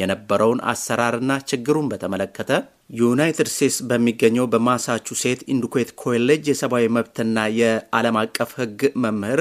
የነበረውን አሰራርና ችግሩን በተመለከተ ዩናይትድ ስቴትስ በሚገኘው በማሳቹሴት ኢንዱኬት ኮሌጅ የሰብአዊ መብትና የዓለም አቀፍ ሕግ መምህር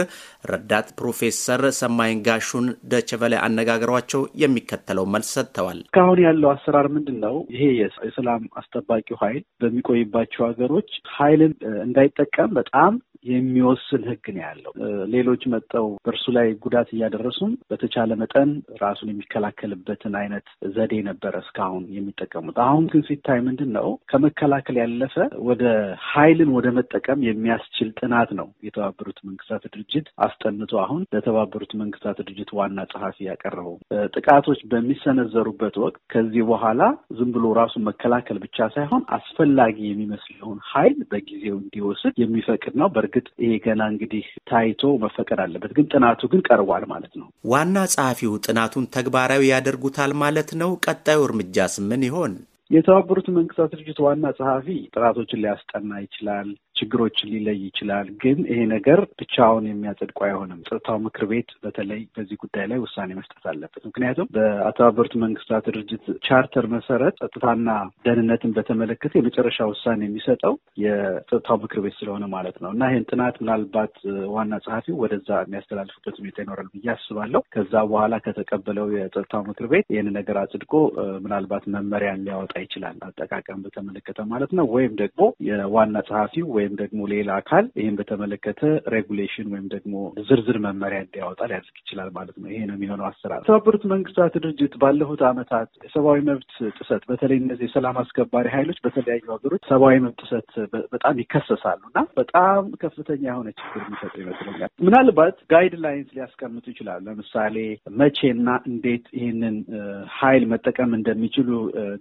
ረዳት ፕሮፌሰር ሰማይን ጋሹን ደችቨለ አነጋግሯቸው የሚከተለው መልስ ሰጥተዋል። እስካሁን ያለው አሰራር ምንድን ነው? ይሄ የሰላም አስጠባቂው ኃይል በሚቆይባቸው ሀገሮች ኃይልን እንዳይጠቀም በጣም የሚወስን ህግ ነው ያለው። ሌሎች መጠው በእርሱ ላይ ጉዳት እያደረሱም በተቻለ መጠን ራሱን የሚከላከልበትን አይነት ዘዴ ነበረ እስካሁን የሚጠቀሙት። አሁን ግን ሲታይ ምንድን ነው ከመከላከል ያለፈ ወደ ኃይልን ወደ መጠቀም የሚያስችል ጥናት ነው የተባበሩት መንግስታት ድርጅት አስጠንቶ አሁን ለተባበሩት መንግስታት ድርጅት ዋና ጸሐፊ ያቀረበው ጥቃቶች በሚሰነዘሩበት ወቅት ከዚህ በኋላ ዝም ብሎ ራሱን መከላከል ብቻ ሳይሆን አስፈላጊ የሚመስለውን ኃይል በጊዜው እንዲወስድ የሚፈቅድ ነው። በእርግጥ ይሄ ገና እንግዲህ ታይቶ መፈቀድ አለበት፣ ግን ጥናቱ ግን ቀርቧል ማለት ነው። ዋና ጸሐፊው ጥናቱን ተግባራዊ ያደርጉታል ማለት ነው። ቀጣዩ እርምጃስ ምን ይሆን? የተባበሩት መንግስታት ድርጅት ዋና ጸሐፊ ጥናቶችን ሊያስጠና ይችላል። ችግሮችን ሊለይ ይችላል። ግን ይሄ ነገር ብቻውን የሚያጸድቁ አይሆንም። ጸጥታው ምክር ቤት በተለይ በዚህ ጉዳይ ላይ ውሳኔ መስጠት አለበት። ምክንያቱም በተባበሩት መንግስታት ድርጅት ቻርተር መሰረት ጸጥታና ደህንነትን በተመለከተ የመጨረሻ ውሳኔ የሚሰጠው የጸጥታው ምክር ቤት ስለሆነ ማለት ነው እና ይህን ጥናት ምናልባት ዋና ጸሐፊው ወደዛ የሚያስተላልፍበት ሁኔታ ይኖራል ብዬ አስባለሁ። ከዛ በኋላ ከተቀበለው የጸጥታው ምክር ቤት ይህን ነገር አጽድቆ ምናልባት መመሪያን ሊያወጣ ይችላል አጠቃቀም በተመለከተ ማለት ነው ወይም ደግሞ የዋና ጸሐፊው ወይም ደግሞ ሌላ አካል ይህን በተመለከተ ሬጉሌሽን ወይም ደግሞ ዝርዝር መመሪያ እንዲያወጣ ሊያደርግ ይችላል ማለት ነው። ይሄ ነው የሚሆነው አሰራር። የተባበሩት መንግስታት ድርጅት ባለፉት ዓመታት የሰብአዊ መብት ጥሰት በተለይ እነዚህ የሰላም አስከባሪ ኃይሎች በተለያዩ ሀገሮች ሰብአዊ መብት ጥሰት በጣም ይከሰሳሉ እና በጣም ከፍተኛ የሆነ ችግር የሚሰጡ ይመስለኛል። ምናልባት ጋይድላይንስ ሊያስቀምጡ ይችላል። ለምሳሌ መቼና እንዴት ይህንን ኃይል መጠቀም እንደሚችሉ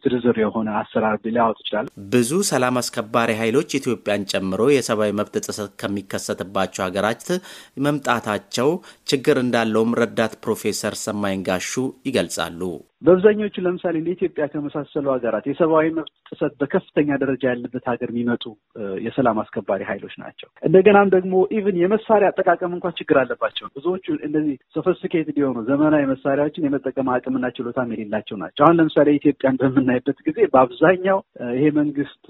ዝርዝር የሆነ አሰራር ሊያወጡ ይችላል። ብዙ ሰላም አስከባሪ ኃይሎች ኢትዮጵያን ጨምሮ ጨምሮ የሰብአዊ መብት ጥሰት ከሚከሰትባቸው ሀገራት መምጣታቸው ችግር እንዳለውም ረዳት ፕሮፌሰር ሰማይን ጋሹ ይገልጻሉ። በአብዛኞቹ ለምሳሌ እንደ ኢትዮጵያ ከመሳሰሉ ሀገራት የሰብአዊ መብት ጥሰት በከፍተኛ ደረጃ ያለበት ሀገር የሚመጡ የሰላም አስከባሪ ኃይሎች ናቸው። እንደገናም ደግሞ ኢቭን የመሳሪያ አጠቃቀም እንኳን ችግር አለባቸው። ብዙዎቹ እንደዚህ ሶፈስቲኬትድ የሆኑ ዘመናዊ መሳሪያዎችን የመጠቀም አቅምና ችሎታም የሌላቸው ናቸው። አሁን ለምሳሌ ኢትዮጵያን በምናይበት ጊዜ በአብዛኛው ይሄ መንግስት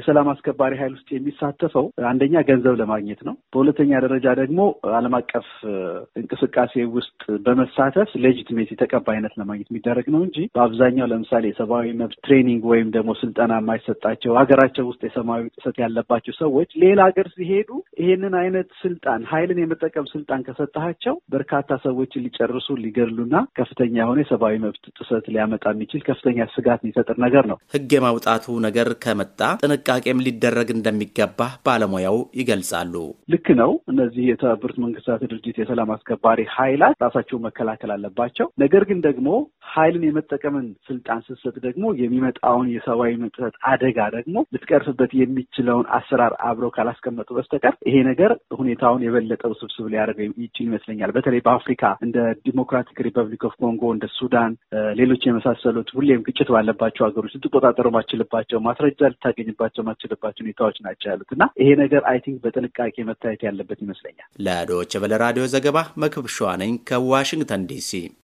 የሰላም አስከባሪ ኃይል ውስጥ የሚሳተፈው አንደኛ ገንዘብ ለማግኘት ነው። በሁለተኛ ደረጃ ደግሞ ዓለም አቀፍ እንቅስቃሴ ውስጥ በመሳተፍ ሌጂትሜሲ ተቀባይነት ለማግኘት የሚደረግ ነው። ነው እንጂ በአብዛኛው ለምሳሌ የሰብአዊ መብት ትሬኒንግ ወይም ደግሞ ስልጠና የማይሰጣቸው ሀገራቸው ውስጥ የሰብአዊ ጥሰት ያለባቸው ሰዎች ሌላ ሀገር ሲሄዱ ይሄንን አይነት ስልጣን ኃይልን የመጠቀም ስልጣን ከሰጣቸው በርካታ ሰዎች ሊጨርሱ ሊገድሉና ከፍተኛ የሆነ የሰብአዊ መብት ጥሰት ሊያመጣ የሚችል ከፍተኛ ስጋት የሚፈጥር ነገር ነው። ህግ የማውጣቱ ነገር ከመጣ ጥንቃቄም ሊደረግ እንደሚገባ ባለሙያው ይገልጻሉ። ልክ ነው። እነዚህ የተባበሩት መንግስታት ድርጅት የሰላም አስከባሪ ኃይላት ራሳቸው መከላከል አለባቸው። ነገር ግን ደግሞ ኃይልን የመጠቀምን ስልጣን ስትሰጥ ደግሞ የሚመጣውን የሰብአዊ መጥረት አደጋ ደግሞ ልትቀርፍበት የሚችለውን አሰራር አብረው ካላስቀመጡ በስተቀር ይሄ ነገር ሁኔታውን የበለጠ ውስብስብ ሊያደርገው ይችል ይመስለኛል። በተለይ በአፍሪካ እንደ ዲሞክራቲክ ሪፐብሊክ ኦፍ ኮንጎ፣ እንደ ሱዳን፣ ሌሎች የመሳሰሉት ሁሌም ግጭት ባለባቸው ሀገሮች ልትቆጣጠሩ ማችልባቸው ማስረጃ ልታገኝባቸው ማችልባቸው ሁኔታዎች ናቸው ያሉት እና ይሄ ነገር አይ ቲንክ በጥንቃቄ መታየት ያለበት ይመስለኛል። ለዶይቼ ቬለ ራዲዮ ዘገባ መክብሸዋ ነኝ ከዋሽንግተን ዲሲ